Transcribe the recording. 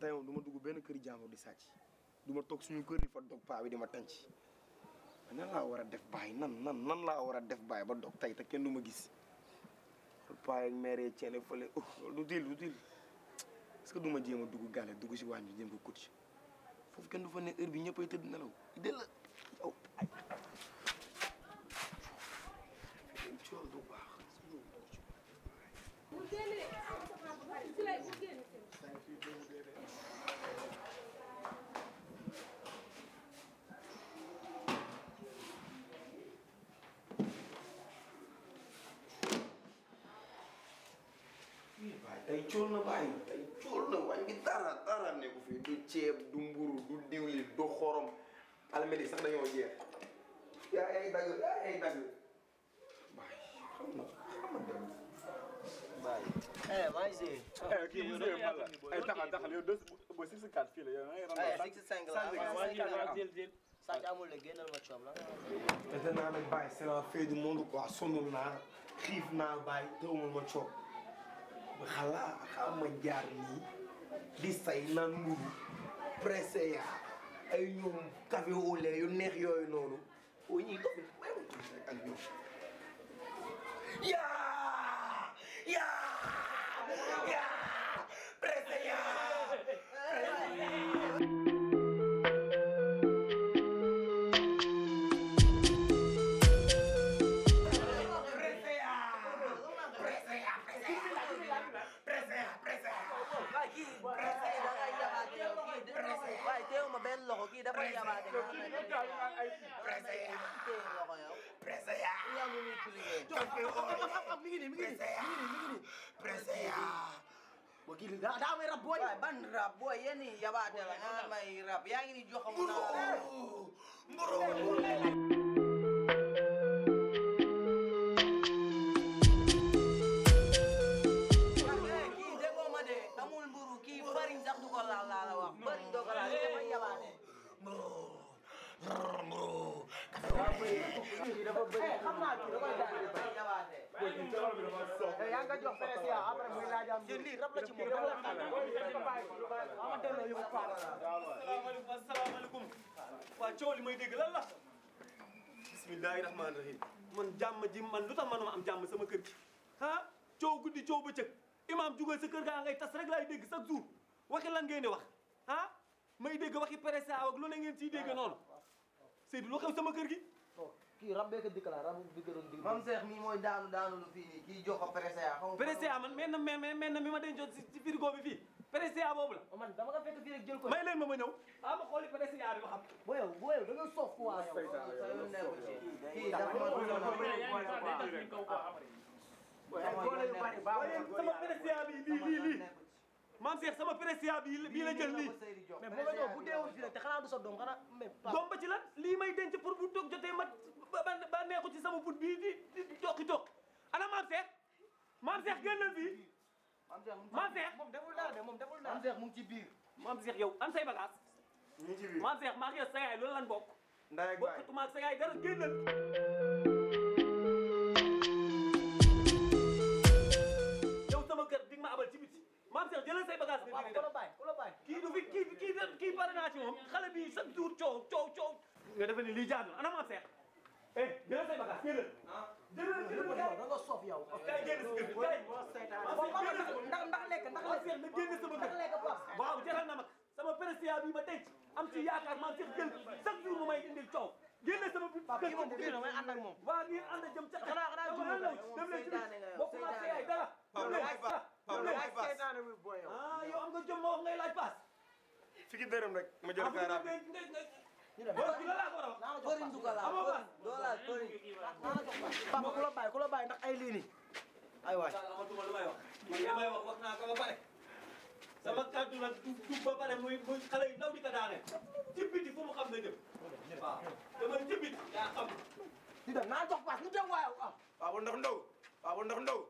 tey moom ma dugg benn kër jàmbur di sàcc du ma toog suñu kër yi fa dog paa bi di ma tànc nan laa war a def baay nan nan nan laa war a def baay ba dog tey te kenn du ma gis xool paa yeeg maire yeeg lu dil lu dil est-ce que du ma jéem a dugg gàlle dugg si waañ bi jéem ko kut ci foofu kenn du fa ne heure bi ñëppay tëdd nelaw idée tey cool na bàyyi tey cool na wañ bi dara dara nekku fii du ceeb du mburu du diwlin du xorom almeri sax dañoo jeex yaa ay dagg yaa ay dagg bàyyi xam na xam na dem bàyyi eh maa ngi see eh, kii mu see man la ay eh, taxal taxal yow deux ba six quatre fii la yow ngay randal eh, six cinq la ah, jël jël sànq amul la génnal ma coob la te danaa nag bàyyi c'est la fin du monde quoi sonn naa xiif naa bàyyi teewul ma coob xalaa xama jaar nii di say naan mburu pressé ay ñoom café au yu neex yooyu noonu oo ñuy dox may ma tuuti rek ak ñoom yaa yaa Preseya Preseya mi ngi nii mi ngi nii mi ngi nii boo kii daa daa may rab booy. ban rab booy yéen i yabaate la may rab yaa ngi ni jox ko. mbooloo mbooloo kii dafa bëri xam naa kii da koy daal yaa nga jox presse après muy laajam lii rab la ci moom dafa la xam ma delloo yow Paar la bismillahi rahmaani rahim man jàmm ji man lu tax manuma am jàmm sama kër gi ah coow guddi coow bëccëg imaam jugal sa kër gaa ngay tas rek laay dégg chaque jour waxi lan ngeen di wax ah may dégg waxi presse ak lu ne ngeen ciy dégg noonu Seydou lu xew sama kër gi kii rab bee ko dikk laa rabu bi ko doon dikk. mam Seex mii mooy daanu daanu lu fii kii jox ko Présia. xaw ma man mel na mel ma dencoon si si fii Présia boobu la. man dama ma ma ñëw. ah ma xooli Présia bi ma xam. booy yow booy yow da nga soof ku waa yow. sama Présia bi lii lii lii. maam Seex sama précia bi bii la jël nii mais bu ma ñëw bu sa doom xanaa doom ba ci lan lii may bànneexu ci sama put bii di di tokki tokki ana maam Seex maam Seex génnal fii. maam Seex moom deful dara de moom deful dara. maam Seex mu ngi ci biir. maam Seex yow an say bagaas. ñu ngi ci biir maam Seex maa ngi sa yaay loolu lan bokk. Ndeye ak Baye bokkutuma ak sa yaay dara génnal. maam Seex jëlal say bagage bi di dem waaw kii du fi kii kii kii pare naa ci moom xale bi chaque jour coow coow coow. nga defe ni lii jaadu ana maam Seex eh jëlal say bagaas jëlal. jëlal jëlal da nga soof yow. kay génn si kër kay. ndax ndax lekk ndax lekk. seet na génn sama kër. waaw jaral na ma sama président bi ma denc am ci yaakaar maa ngi jël chaque jour mu may indil coow. génne sama bi kër moom dégg na may ànd ak moom. waa ngeen ànd jëm ca. xanaa xanaa jiw moom dem leen ci bokkuma ak ay dara. Pawla laaj paas Pawla laaj paas ah yow am nga jom ma wax ngay laaj paas. fii ci dërëm rek ma jël kaaraam. ñu dem Serigne du ko laal doo laal Serigne. papa ku la bàyyi ku la bàyyi ndax ay lii nii ay waay. amatuma lu may wax man li may wax wax naa ko ba pare sama kàddu nag du du ba pare muy muy xale yu ndaw di ko daane ci biti fu mu xam ne jëm waaw dama ci biti yaa xam. di dem naa jox paas ñu dem waaye ah. waaw ba ndox ndaw waaw ba ndox ndaw.